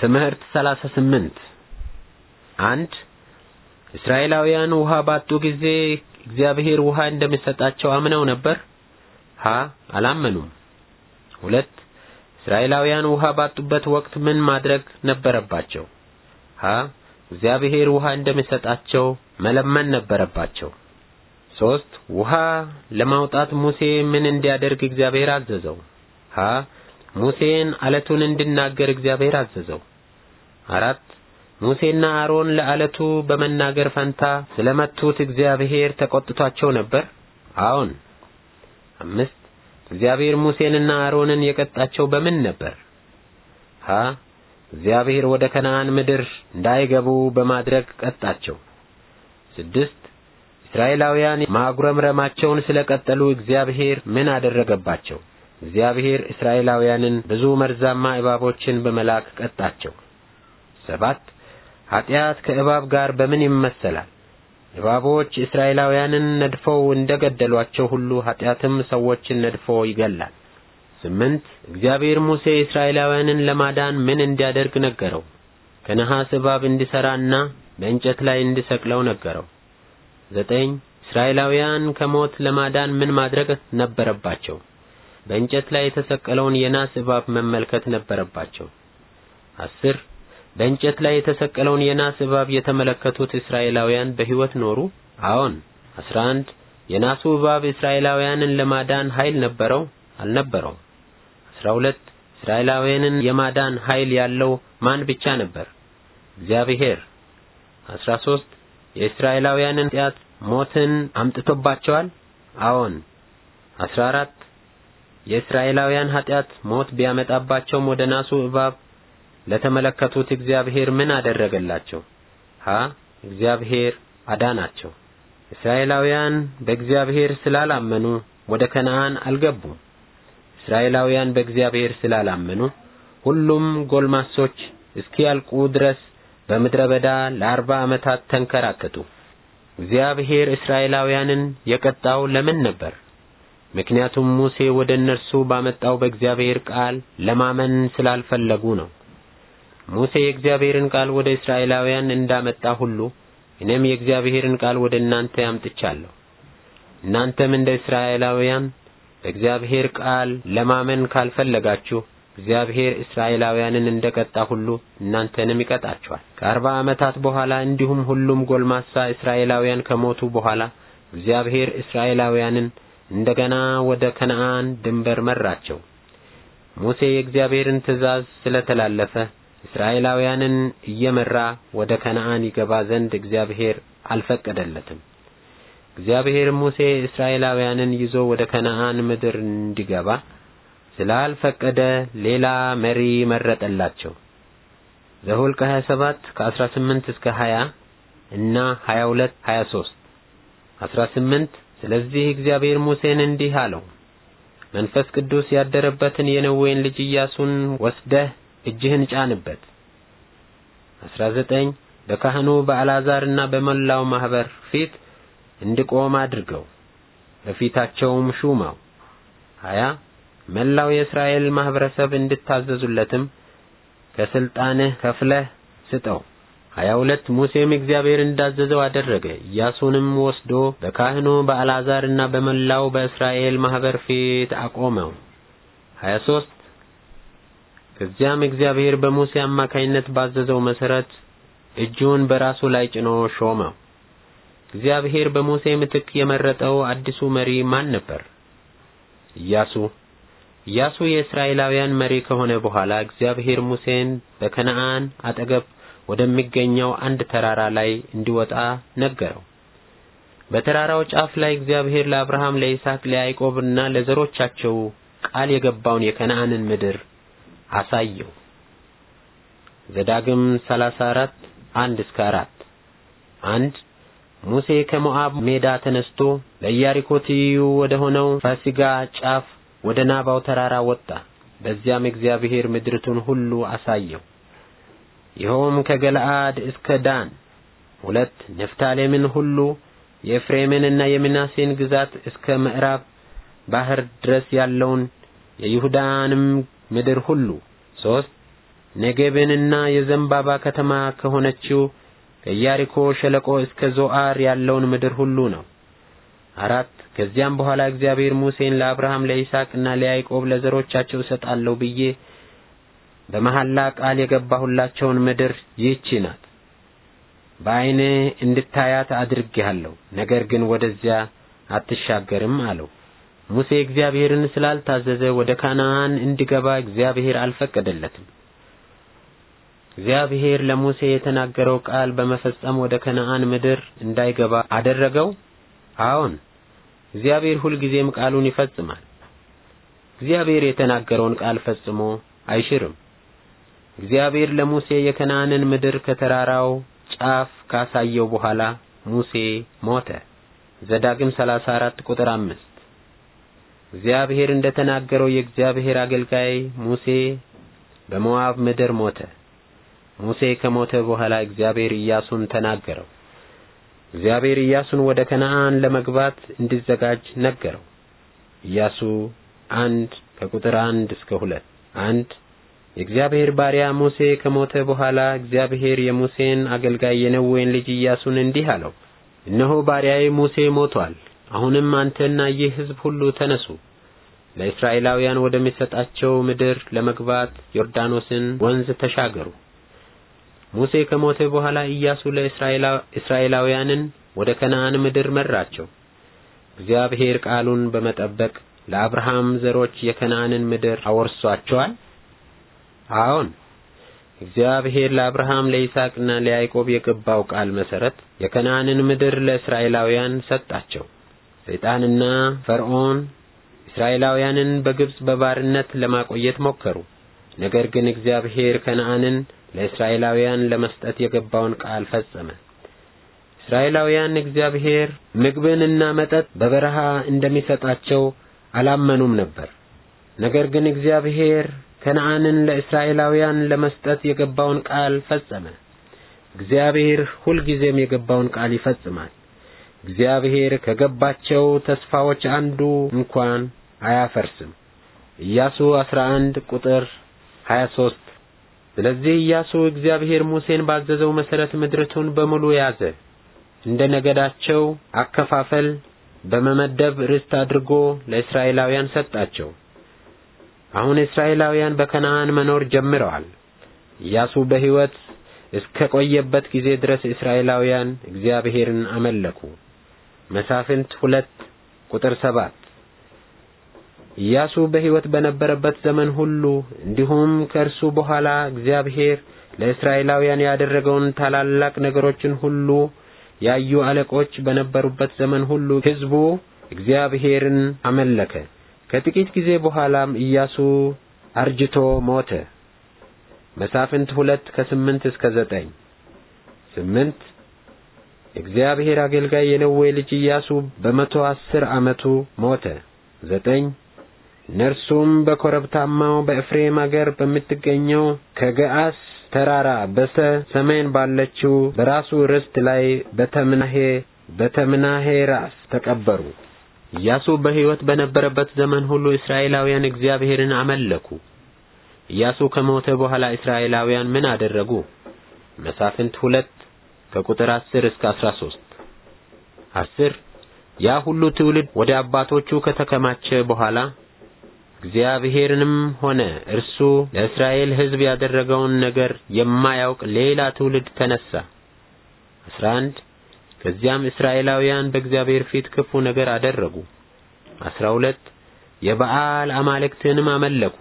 ትምህርት 38 አንድ እስራኤላውያን ውሃ ባጡ ጊዜ እግዚአብሔር ውሃ እንደሚሰጣቸው አምነው ነበር? ሀ አላመኑም። ሁለት እስራኤላውያን ውሃ ባጡበት ወቅት ምን ማድረግ ነበረባቸው? ሀ እግዚአብሔር ውሃ እንደሚሰጣቸው መለመን ነበረባቸው። ሶስት ውሃ ለማውጣት ሙሴ ምን እንዲያደርግ እግዚአብሔር አዘዘው? ሀ ሙሴን አለቱን እንድናገር እግዚአብሔር አዘዘው። አራት ሙሴና አሮን ለአለቱ በመናገር ፈንታ ስለመቱት እግዚአብሔር ተቆጥቷቸው ነበር። አዎን። አምስት እግዚአብሔር ሙሴንና አሮንን የቀጣቸው በምን ነበር? ሀ እግዚአብሔር ወደ ከነዓን ምድር እንዳይገቡ በማድረግ ቀጣቸው። ስድስት እስራኤላውያን ማጉረምረማቸውን ስለቀጠሉ እግዚአብሔር ምን አደረገባቸው? እግዚአብሔር እስራኤላውያንን ብዙ መርዛማ እባቦችን በመላክ ቀጣቸው። ሰባት ኀጢአት ከእባብ ጋር በምን ይመሰላል? እባቦች እስራኤላውያንን ነድፈው እንደገደሏቸው ሁሉ ኀጢአትም ሰዎችን ነድፎ ይገላል። ስምንት እግዚአብሔር ሙሴ እስራኤላውያንን ለማዳን ምን እንዲያደርግ ነገረው? ከነሐስ እባብ እንዲሠራና በእንጨት ላይ እንዲሰቅለው ነገረው። ዘጠኝ እስራኤላውያን ከሞት ለማዳን ምን ማድረግ ነበረባቸው? በእንጨት ላይ የተሰቀለውን የናስ እባብ መመልከት ነበረባቸው። አስር በእንጨት ላይ የተሰቀለውን የናስ እባብ የተመለከቱት እስራኤላውያን በሕይወት ኖሩ? አዎን። 11 የናሱ እባብ እስራኤላውያንን ለማዳን ኃይል ነበረው? አልነበረው። 12 እስራኤላውያንን የማዳን ኃይል ያለው ማን ብቻ ነበር? እግዚአብሔር። 13 የእስራኤላውያንን ኃጢአት ሞትን አምጥቶባቸዋል? አዎን። 14 የእስራኤላውያን ኃጢአት ሞት ቢያመጣባቸውም ወደ ናሱ እባብ ለተመለከቱት እግዚአብሔር ምን አደረገላቸው? ሀ እግዚአብሔር አዳናቸው። እስራኤላውያን በእግዚአብሔር ስላላመኑ ወደ ከነዓን አልገቡም። እስራኤላውያን በእግዚአብሔር ስላላመኑ ሁሉም ጎልማሶች እስኪያልቁ ድረስ በምድረ በዳ ለአርባ ዓመታት ተንከራተቱ። እግዚአብሔር እስራኤላውያንን የቀጣው ለምን ነበር? ምክንያቱም ሙሴ ወደ እነርሱ ባመጣው በእግዚአብሔር ቃል ለማመን ስላልፈለጉ ነው። ሙሴ የእግዚአብሔርን ቃል ወደ እስራኤላውያን እንዳመጣ ሁሉ እኔም የእግዚአብሔርን ቃል ወደ እናንተ ያምጥቻለሁ። እናንተም እንደ እስራኤላውያን በእግዚአብሔር ቃል ለማመን ካልፈለጋችሁ እግዚአብሔር እስራኤላውያንን እንደቀጣ ሁሉ እናንተንም ይቀጣችኋል። ከአርባ ዓመታት በኋላ እንዲሁም ሁሉም ጎልማሳ እስራኤላውያን ከሞቱ በኋላ እግዚአብሔር እስራኤላውያንን እንደገና ወደ ከነዓን ድንበር መራቸው። ሙሴ የእግዚአብሔርን ትእዛዝ ስለተላለፈ እስራኤላውያንን እየመራ ወደ ከነዓን ይገባ ዘንድ እግዚአብሔር አልፈቀደለትም። እግዚአብሔር ሙሴ እስራኤላውያንን ይዞ ወደ ከነዓን ምድር እንዲገባ ስላልፈቀደ ሌላ መሪ መረጠላቸው። ዘኍልቍ 27 ከ18 እስከ 20 እና 22 23 18 ስለዚህ እግዚአብሔር ሙሴን እንዲህ አለው፣ መንፈስ ቅዱስ ያደረበትን የነዌን ልጅ ኢያሱን ወስደህ እጅህን ጫንበት። 19 በካህኑ በአልዓዛርና በመላው ማህበር ፊት እንዲቆም አድርገው፣ በፊታቸውም ሹመው። 20 መላው የእስራኤል ማህበረሰብ እንድታዘዙለትም ከስልጣንህ ከፍለህ ስጠው። ሀያ ሁለት ሙሴም እግዚአብሔር እንዳዘዘው አደረገ። ኢያሱንም ወስዶ በካህኑ በአልዓዛርና በመላው በእስራኤል ማህበር ፊት አቆመው። ሀያ ከዚያም እግዚአብሔር በሙሴ አማካይነት ባዘዘው መሰረት እጁን በራሱ ላይ ጭኖ ሾመው። እግዚአብሔር በሙሴ ምትክ የመረጠው አዲሱ መሪ ማን ነበር? ኢያሱ። ኢያሱ የእስራኤላውያን መሪ ከሆነ በኋላ እግዚአብሔር ሙሴን በከነዓን አጠገብ ወደሚገኘው አንድ ተራራ ላይ እንዲወጣ ነገረው። በተራራው ጫፍ ላይ እግዚአብሔር ለአብርሃም፣ ለይስሐቅ፣ ለያዕቆብና ለዘሮቻቸው ቃል የገባውን የከነዓንን ምድር አሳየው። ዘዳግም 34 1 እስከ 4 1 ሙሴ ከሞዓብ ሜዳ ተነስቶ ለያሪኮት ትይዩ ወደ ሆነው ፋሲጋ ጫፍ ወደ ናባው ተራራ ወጣ። በዚያም እግዚአብሔር ምድርቱን ሁሉ አሳየው። ይኸውም ከገለአድ እስከ ዳን ሁለት ንፍታሌምን ሁሉ የኤፍሬምንና የምናሴን ግዛት እስከ ምዕራብ ባህር ድረስ ያለውን የይሁዳንም ምድር ሁሉ ሶስት ነገቤንና የዘንባባ ከተማ ከሆነችው ከኢያሪኮ ሸለቆ እስከ ዞአር ያለውን ምድር ሁሉ ነው። አራት ከዚያም በኋላ እግዚአብሔር ሙሴን ለአብርሃም ለይስሐቅና ለያዕቆብ ለዘሮቻቸው እሰጣለሁ ብዬ በመሐላ ቃል የገባሁላቸውን ምድር ይህች ናት በዐይኔ እንድታያት አድርጌሃለሁ፣ ነገር ግን ወደዚያ አትሻገርም አለው። ሙሴ እግዚአብሔርን ስላልታዘዘ ወደ ካናን እንዲገባ እግዚአብሔር አልፈቀደለትም። እግዚአብሔር ለሙሴ የተናገረው ቃል በመፈጸም ወደ ከነአን ምድር እንዳይገባ አደረገው? አዎን፣ እግዚአብሔር ሁልጊዜም ቃሉን ይፈጽማል። እግዚአብሔር የተናገረውን ቃል ፈጽሞ አይሽርም። እግዚአብሔር ለሙሴ የከናንን ምድር ከተራራው ጫፍ ካሳየው በኋላ ሙሴ ሞተ። ዘዳግም 34 ቁጥር 5 እግዚአብሔር እንደተናገረው የእግዚአብሔር አገልጋይ ሙሴ በሞዓብ ምድር ሞተ። ሙሴ ከሞተ በኋላ እግዚአብሔር ኢያሱን ተናገረው። እግዚአብሔር ኢያሱን ወደ ከነዓን ለመግባት እንዲዘጋጅ ነገረው። ኢያሱ አንድ ከቁጥር አንድ እስከ ሁለት አንድ የእግዚአብሔር ባሪያ ሙሴ ከሞተ በኋላ እግዚአብሔር የሙሴን አገልጋይ የነዌን ልጅ ኢያሱን እንዲህ አለው፣ እነሆ ባሪያዬ ሙሴ ሞቷል። አሁንም አንተና ይህ ሕዝብ ሁሉ ተነሱ፣ ለእስራኤላውያን ወደሚሰጣቸው ምድር ለመግባት ዮርዳኖስን ወንዝ ተሻገሩ። ሙሴ ከሞተ በኋላ ኢያሱ ለእስራኤላውያንን ወደ ከነዓን ምድር መራቸው። እግዚአብሔር ቃሉን በመጠበቅ ለአብርሃም ዘሮች የከነዓንን ምድር አወርሷቸዋል። አዎን እግዚአብሔር ለአብርሃም ለይስሐቅና ለያዕቆብ የገባው ቃል መሠረት የከነዓንን ምድር ለእስራኤላውያን ሰጣቸው። ሰይጣንና ፈርዖን እስራኤላውያንን በግብፅ በባርነት ለማቆየት ሞከሩ። ነገር ግን እግዚአብሔር ከነዓንን ለእስራኤላውያን ለመስጠት የገባውን ቃል ፈጸመ። እስራኤላውያን እግዚአብሔር ምግብንና መጠጥ በበረሃ እንደሚሰጣቸው አላመኑም ነበር። ነገር ግን እግዚአብሔር ከነዓንን ለእስራኤላውያን ለመስጠት የገባውን ቃል ፈጸመ። እግዚአብሔር ሁልጊዜም የገባውን ቃል ይፈጽማል። እግዚአብሔር ከገባቸው ተስፋዎች አንዱ እንኳን አያፈርስም። ኢያሱ 11 ቁጥር 23 ስለዚህ ኢያሱ እግዚአብሔር ሙሴን ባዘዘው መሰረት ምድርቱን በሙሉ ያዘ። እንደ ነገዳቸው አከፋፈል በመመደብ ርስት አድርጎ ለእስራኤላውያን ሰጣቸው። አሁን እስራኤላውያን በከነዓን መኖር ጀምረዋል። ኢያሱ በሕይወት እስከ ቆየበት ጊዜ ድረስ እስራኤላውያን እግዚአብሔርን አመለኩ። መሳፍንት ሁለት ቁጥር ሰባት ኢያሱ በሕይወት በነበረበት ዘመን ሁሉ እንዲሁም ከእርሱ በኋላ እግዚአብሔር ለእስራኤላውያን ያደረገውን ታላላቅ ነገሮችን ሁሉ ያዩ አለቆች በነበሩበት ዘመን ሁሉ ሕዝቡ እግዚአብሔርን አመለከ። ከጥቂት ጊዜ በኋላም ኢያሱ አርጅቶ ሞተ። መሳፍንት ሁለት ከስምንት እስከ ዘጠኝ ስምንት የእግዚአብሔር አገልጋይ የነዌ ልጅ ኢያሱ በመቶ አስር ዓመቱ ሞተ። ዘጠኝ እነርሱም በኮረብታማው በኤፍሬም አገር በምትገኘው ከገአስ ተራራ በስተ ሰሜን ባለችው በራሱ ርስት ላይ በተምናሄ በተምናሄ ራስ ተቀበሩ። ኢያሱ በህይወት በነበረበት ዘመን ሁሉ እስራኤላውያን እግዚአብሔርን አመለኩ። ኢያሱ ከሞተ በኋላ እስራኤላውያን ምን አደረጉ? መሳፍንት ሁለት ከቁጥር 10 እስከ 13 10 ያ ሁሉ ትውልድ ወደ አባቶቹ ከተከማቸ በኋላ እግዚአብሔርንም ሆነ እርሱ ለእስራኤል ህዝብ ያደረገውን ነገር የማያውቅ ሌላ ትውልድ ተነሳ። 11 ከዚያም እስራኤላውያን በእግዚአብሔር ፊት ክፉ ነገር አደረጉ። አስራ ሁለት የበዓል አማልክትንም አመለኩ።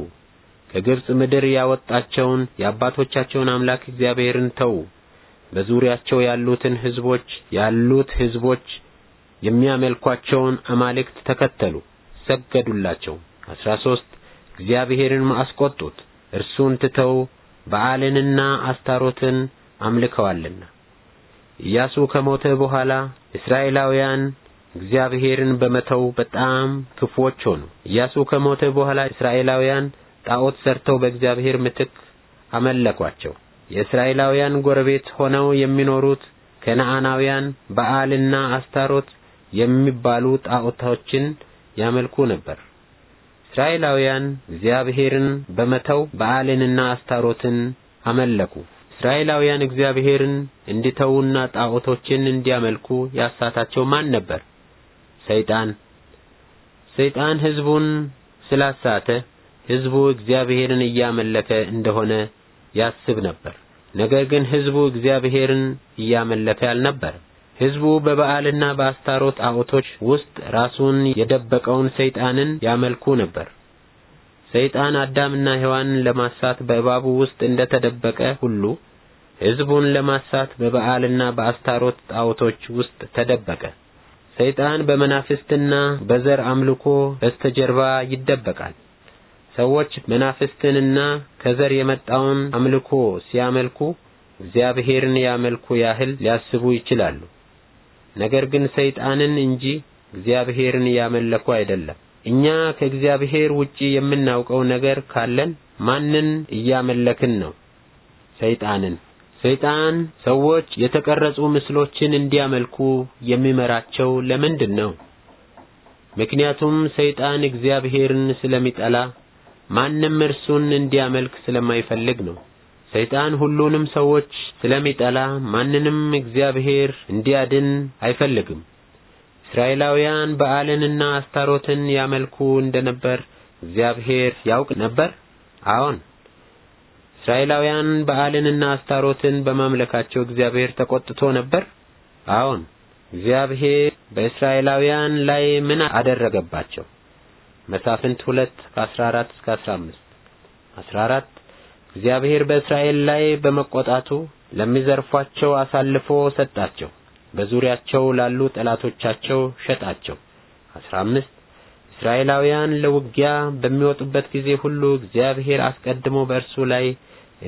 ከግብፅ ምድር ያወጣቸውን የአባቶቻቸውን አምላክ እግዚአብሔርን ተዉ። በዙሪያቸው ያሉትን ህዝቦች ያሉት ህዝቦች የሚያመልኳቸውን አማልክት ተከተሉ፣ ሰገዱላቸው። አስራ ሦስት እግዚአብሔርን አስቈጡት፣ እርሱን ትተው በዓልንና አስታሮትን አምልከዋልና። ኢያሱ ከሞተ በኋላ እስራኤላውያን እግዚአብሔርን በመተው በጣም ክፉዎች ሆኑ። ኢያሱ ከሞተ በኋላ እስራኤላውያን ጣዖት ሰርተው በእግዚአብሔር ምትክ አመለኳቸው። የእስራኤላውያን ጎረቤት ሆነው የሚኖሩት ከነዓናውያን በዓልና አስታሮት የሚባሉ ጣዖቶችን ያመልኩ ነበር። እስራኤላውያን እግዚአብሔርን በመተው በዓልንና አስታሮትን አመለኩ። እስራኤላውያን እግዚአብሔርን እንዲተዉና ጣዖቶችን እንዲያመልኩ ያሳታቸው ማን ነበር? ሰይጣን። ሰይጣን ሕዝቡን ስላሳተ ሕዝቡ እግዚአብሔርን እያመለከ እንደሆነ ያስብ ነበር። ነገር ግን ሕዝቡ እግዚአብሔርን እያመለከ ያልነበር። ሕዝቡ በበዓልና በአስታሮት ጣዖቶች ውስጥ ራሱን የደበቀውን ሰይጣንን ያመልኩ ነበር። ሰይጣን አዳምና ሔዋንን ለማሳት በእባቡ ውስጥ እንደተደበቀ ሁሉ ሕዝቡን ለማሳት በበዓልና በአስታሮት ጣዖቶች ውስጥ ተደበቀ። ሰይጣን በመናፍስትና በዘር አምልኮ በስተጀርባ ይደበቃል። ሰዎች መናፍስትንና ከዘር የመጣውን አምልኮ ሲያመልኩ እግዚአብሔርን ያመልኩ ያህል ሊያስቡ ይችላሉ። ነገር ግን ሰይጣንን እንጂ እግዚአብሔርን ያመለኩ አይደለም። እኛ ከእግዚአብሔር ውጪ የምናውቀው ነገር ካለን ማንን እያመለክን ነው? ሰይጣንን። ሰይጣን ሰዎች የተቀረጹ ምስሎችን እንዲያመልኩ የሚመራቸው ለምንድን ነው? ምክንያቱም ሰይጣን እግዚአብሔርን ስለሚጠላ ማንም እርሱን እንዲያመልክ ስለማይፈልግ ነው። ሰይጣን ሁሉንም ሰዎች ስለሚጠላ ማንንም እግዚአብሔር እንዲያድን አይፈልግም። እስራኤላውያን በዓልንና አስታሮትን ያመልኩ እንደነበር እግዚአብሔር ያውቅ ነበር? አዎን። እስራኤላውያን በዓልንና አስታሮትን በማምለካቸው እግዚአብሔር ተቆጥቶ ነበር? አዎን። እግዚአብሔር በእስራኤላውያን ላይ ምን አደረገባቸው? መሳፍንት 2 ከ14 እስከ 15 14 እግዚአብሔር በእስራኤል ላይ በመቆጣቱ ለሚዘርፏቸው አሳልፎ ሰጣቸው፣ በዙሪያቸው ላሉ ጠላቶቻቸው ሸጣቸው። 15 እስራኤላውያን ለውጊያ በሚወጡበት ጊዜ ሁሉ እግዚአብሔር አስቀድሞ በእርሱ ላይ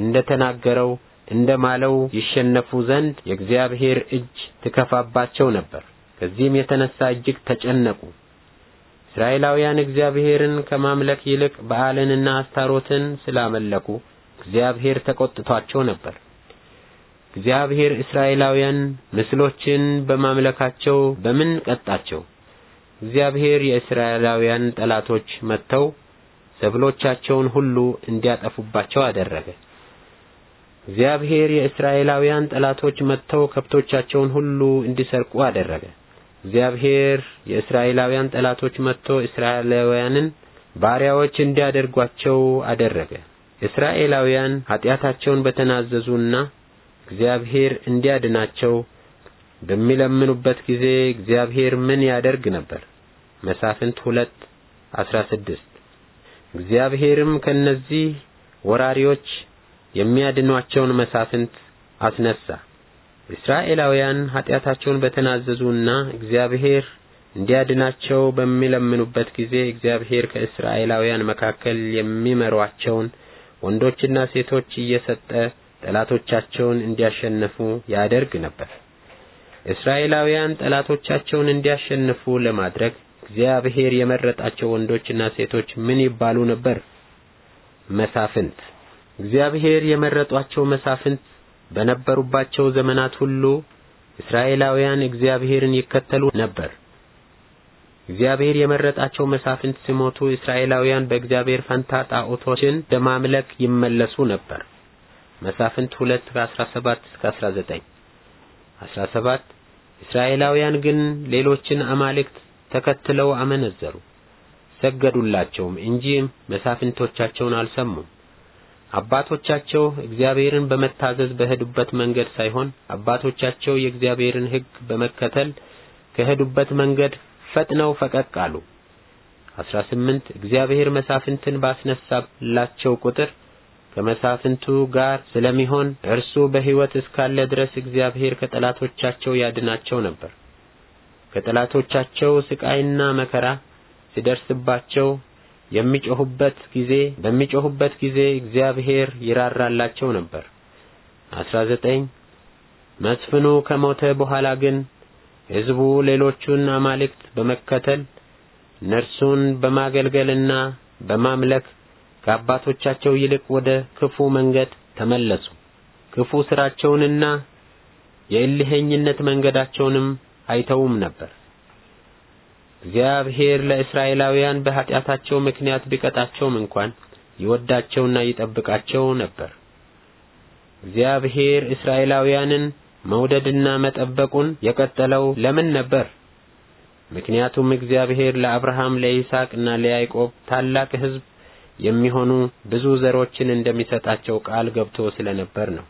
እንደተናገረው እንደማለው ይሸነፉ ዘንድ የእግዚአብሔር እጅ ትከፋባቸው ነበር። ከዚህም የተነሳ እጅግ ተጨነቁ። እስራኤላውያን እግዚአብሔርን ከማምለክ ይልቅ በዓልንና አስታሮትን ስላመለኩ እግዚአብሔር ተቆጥቷቸው ነበር። እግዚአብሔር እስራኤላውያን ምስሎችን በማምለካቸው በምን ቀጣቸው? እግዚአብሔር የእስራኤላውያን ጠላቶች መጥተው ሰብሎቻቸውን ሁሉ እንዲያጠፉባቸው አደረገ። እግዚአብሔር የእስራኤላውያን ጠላቶች መጥተው ከብቶቻቸውን ሁሉ እንዲሰርቁ አደረገ። እግዚአብሔር የእስራኤላውያን ጠላቶች መጥቶ እስራኤላውያንን ባሪያዎች እንዲያደርጓቸው አደረገ። እስራኤላውያን ኃጢአታቸውን በተናዘዙና እግዚአብሔር እንዲያድናቸው በሚለምኑበት ጊዜ እግዚአብሔር ምን ያደርግ ነበር? መሳፍንት ሁለት አስራ ስድስት እግዚአብሔርም ከእነዚህ ወራሪዎች የሚያድኗቸውን መሳፍንት አስነሳ። እስራኤላውያን ኃጢአታቸውን በተናዘዙና እግዚአብሔር እንዲያድናቸው በሚለምኑበት ጊዜ እግዚአብሔር ከእስራኤላውያን መካከል የሚመሯቸውን ወንዶችና ሴቶች እየሰጠ ጠላቶቻቸውን እንዲያሸንፉ ያደርግ ነበር። እስራኤላውያን ጠላቶቻቸውን እንዲያሸንፉ ለማድረግ እግዚአብሔር የመረጣቸው ወንዶችና ሴቶች ምን ይባሉ ነበር? መሳፍንት። እግዚአብሔር የመረጧቸው መሳፍንት በነበሩባቸው ዘመናት ሁሉ እስራኤላውያን እግዚአብሔርን ይከተሉ ነበር። እግዚአብሔር የመረጣቸው መሳፍንት ሲሞቱ እስራኤላውያን በእግዚአብሔር ፈንታ ጣዖቶችን ደማምለክ ይመለሱ ነበር። መሳፍንት 2 ከ17 እስከ 19 17 እስራኤላውያን ግን ሌሎችን አማልክት ተከትለው አመነዘሩ፣ ሰገዱላቸውም እንጂ መሳፍንቶቻቸውን አልሰሙም። አባቶቻቸው እግዚአብሔርን በመታዘዝ በሄዱበት መንገድ ሳይሆን አባቶቻቸው የእግዚአብሔርን ሕግ በመከተል ከሄዱበት መንገድ ፈጥነው ፈቀቅ አሉ። 18 እግዚአብሔር መሳፍንትን ባስነሳላቸው ቁጥር ከመሳፍንቱ ጋር ስለሚሆን እርሱ በሕይወት እስካለ ድረስ እግዚአብሔር ከጠላቶቻቸው ያድናቸው ነበር። ከጠላቶቻቸው ስቃይና መከራ ሲደርስባቸው የሚጮሁበት ጊዜ በሚጮሁበት ጊዜ እግዚአብሔር ይራራላቸው ነበር። 19 መስፍኑ ከሞተ በኋላ ግን ሕዝቡ ሌሎቹን አማልክት በመከተል ነርሱን በማገልገልና በማምለክ ከአባቶቻቸው ይልቅ ወደ ክፉ መንገድ ተመለሱ። ክፉ ሥራቸውንና የእልሄኝነት መንገዳቸውንም አይተውም ነበር። እግዚአብሔር ለእስራኤላውያን በኃጢአታቸው ምክንያት ቢቀጣቸውም እንኳን ይወዳቸውና ይጠብቃቸው ነበር። እግዚአብሔር እስራኤላውያንን መውደድና መጠበቁን የቀጠለው ለምን ነበር? ምክንያቱም እግዚአብሔር ለአብርሃም ለይስሐቅና ለያዕቆብ ታላቅ ሕዝብ የሚሆኑ ብዙ ዘሮችን እንደሚሰጣቸው ቃል ገብቶ ስለነበር ነው።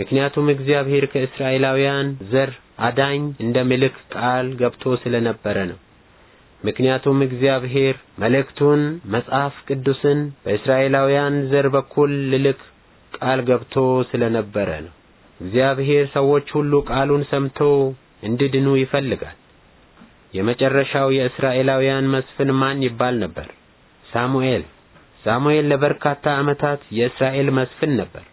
ምክንያቱም እግዚአብሔር ከእስራኤላውያን ዘር አዳኝ እንደ ምልክ ቃል ገብቶ ስለነበረ ነው። ምክንያቱም እግዚአብሔር መልእክቱን መጽሐፍ ቅዱስን በእስራኤላውያን ዘር በኩል ልልክ ቃል ገብቶ ስለነበረ ነው። እግዚአብሔር ሰዎች ሁሉ ቃሉን ሰምቶ እንዲድኑ ይፈልጋል። የመጨረሻው የእስራኤላውያን መስፍን ማን ይባል ነበር? ሳሙኤል። ሳሙኤል ለበርካታ ዓመታት የእስራኤል መስፍን ነበር።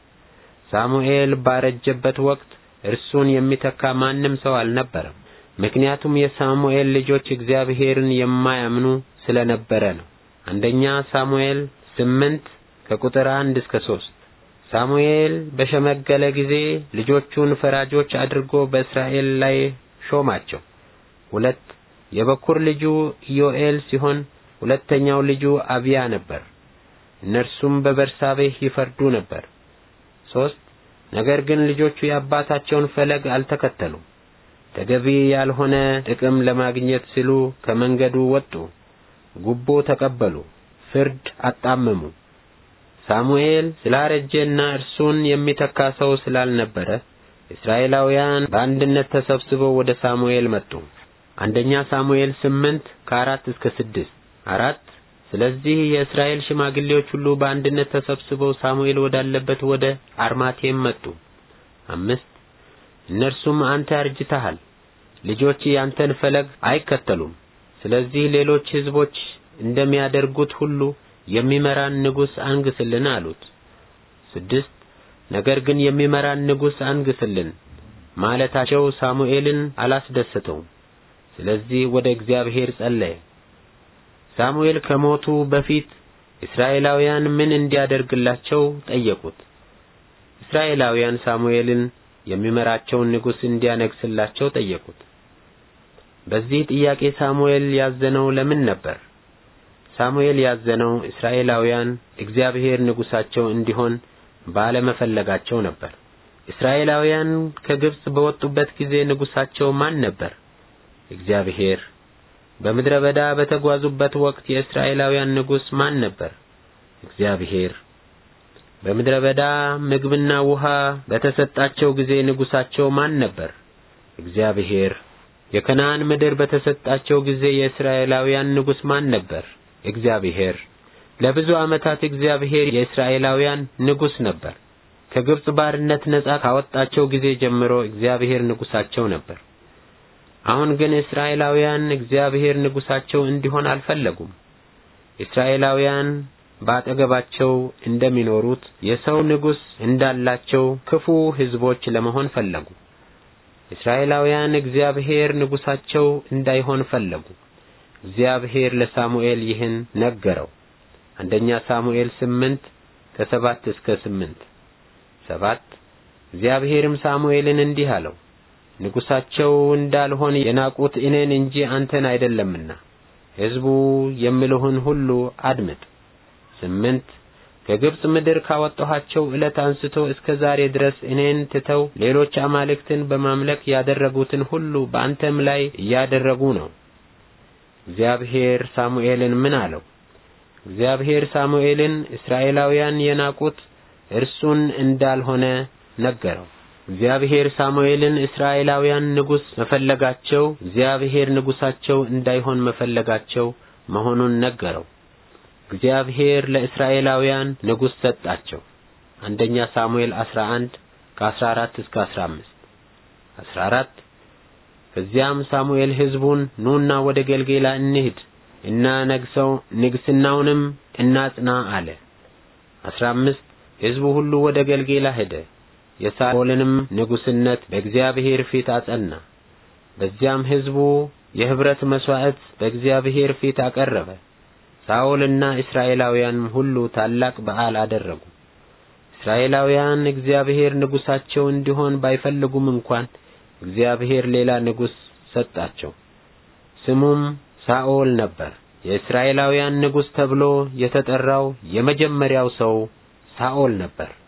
ሳሙኤል ባረጀበት ወቅት እርሱን የሚተካ ማንም ሰው አልነበረም። ምክንያቱም የሳሙኤል ልጆች እግዚአብሔርን የማያምኑ ስለነበረ ነው። አንደኛ ሳሙኤል ስምንት ከቁጥር አንድ እስከ ሶስት ሳሙኤል በሸመገለ ጊዜ ልጆቹን ፈራጆች አድርጎ በእስራኤል ላይ ሾማቸው። ሁለት የበኩር ልጁ ኢዮኤል ሲሆን ሁለተኛው ልጁ አብያ ነበር። እነርሱም በበርሳቤህ ይፈርዱ ነበር። ሶስት ነገር ግን ልጆቹ የአባታቸውን ፈለግ አልተከተሉም። ተገቢ ያልሆነ ጥቅም ለማግኘት ሲሉ ከመንገዱ ወጡ፣ ጉቦ ተቀበሉ፣ ፍርድ አጣመሙ። ሳሙኤል ስላረጀና እርሱን የሚተካ ሰው ስላልነበረ እስራኤላውያን በአንድነት ተሰብስበው ወደ ሳሙኤል መጡ። አንደኛ ሳሙኤል ስምንት ከአራት እስከ ስድስት አራት ስለዚህ የእስራኤል ሽማግሌዎች ሁሉ በአንድነት ተሰብስበው ሳሙኤል ወዳለበት ወደ አርማቴም መጡ። አምስት እነርሱም አንተ አርጅተሃል፣ ልጆች ያንተን ፈለግ አይከተሉም። ስለዚህ ሌሎች ሕዝቦች እንደሚያደርጉት ሁሉ የሚመራን ንጉሥ አንግስልን አሉት። ስድስት ነገር ግን የሚመራን ንጉሥ አንግስልን ማለታቸው ሳሙኤልን አላስደሰተውም። ስለዚህ ወደ እግዚአብሔር ጸለየ። ሳሙኤል ከሞቱ በፊት እስራኤላውያን ምን እንዲያደርግላቸው ጠየቁት። እስራኤላውያን ሳሙኤልን የሚመራቸውን ንጉሥ እንዲያነግስላቸው ጠየቁት። በዚህ ጥያቄ ሳሙኤል ያዘነው ለምን ነበር? ሳሙኤል ያዘነው እስራኤላውያን እግዚአብሔር ንጉሳቸው እንዲሆን ባለመፈለጋቸው ነበር። እስራኤላውያን ከግብጽ በወጡበት ጊዜ ንጉሳቸው ማን ነበር? እግዚአብሔር በምድረ በዳ በተጓዙበት ወቅት የእስራኤላውያን ንጉሥ ማን ነበር? እግዚአብሔር። በምድረ በዳ ምግብና ውሃ በተሰጣቸው ጊዜ ንጉሣቸው ማን ነበር? እግዚአብሔር። የከነዓን ምድር በተሰጣቸው ጊዜ የእስራኤላውያን ንጉሥ ማን ነበር? እግዚአብሔር። ለብዙ ዓመታት እግዚአብሔር የእስራኤላውያን ንጉሥ ነበር። ከግብጽ ባርነት ነፃ ካወጣቸው ጊዜ ጀምሮ እግዚአብሔር ንጉሣቸው ነበር። አሁን ግን እስራኤላውያን እግዚአብሔር ንጉሳቸው እንዲሆን አልፈለጉም። እስራኤላውያን በአጠገባቸው እንደሚኖሩት የሰው ንጉስ እንዳላቸው ክፉ ህዝቦች ለመሆን ፈለጉ። እስራኤላውያን እግዚአብሔር ንጉሳቸው እንዳይሆን ፈለጉ። እግዚአብሔር ለሳሙኤል ይህን ነገረው። አንደኛ ሳሙኤል ስምንት ከሰባት እስከ ስምንት ሰባት እግዚአብሔርም ሳሙኤልን እንዲህ አለው ንጉሳቸው እንዳልሆን የናቁት እኔን እንጂ አንተን አይደለምና ሕዝቡ የምልሁን ሁሉ አድምጥ። ስምንት ከግብፅ ምድር ካወጣኋቸው ዕለት አንስቶ እስከ ዛሬ ድረስ እኔን ትተው ሌሎች አማልክትን በማምለክ ያደረጉትን ሁሉ በአንተም ላይ እያደረጉ ነው። እግዚአብሔር ሳሙኤልን ምን አለው? እግዚአብሔር ሳሙኤልን እስራኤላውያን የናቁት እርሱን እንዳልሆነ ነገረው። እግዚአብሔር ሳሙኤልን እስራኤላውያን ንጉሥ መፈለጋቸው እግዚአብሔር ንጉሣቸው እንዳይሆን መፈለጋቸው መሆኑን ነገረው። እግዚአብሔር ለእስራኤላውያን ንጉሥ ሰጣቸው። አንደኛ ሳሙኤል 11 ከ14 እስከ 15 14 ከዚያም ሳሙኤል ሕዝቡን ኑና ወደ ገልጌላ እንሂድ እና ነግሰው ንግስናውንም እናጽና አለ። 15 ሕዝቡ ሁሉ ወደ ገልጌላ ሄደ። የሳኦልንም ንጉስነት በእግዚአብሔር ፊት አጸና። በዚያም ሕዝቡ የኅብረት መሥዋዕት በእግዚአብሔር ፊት አቀረበ። ሳኦልና እስራኤላውያንም ሁሉ ታላቅ በዓል አደረጉ። እስራኤላውያን እግዚአብሔር ንጉሳቸው እንዲሆን ባይፈልጉም እንኳን እግዚአብሔር ሌላ ንጉስ ሰጣቸው። ስሙም ሳኦል ነበር። የእስራኤላውያን ንጉስ ተብሎ የተጠራው የመጀመሪያው ሰው ሳኦል ነበር።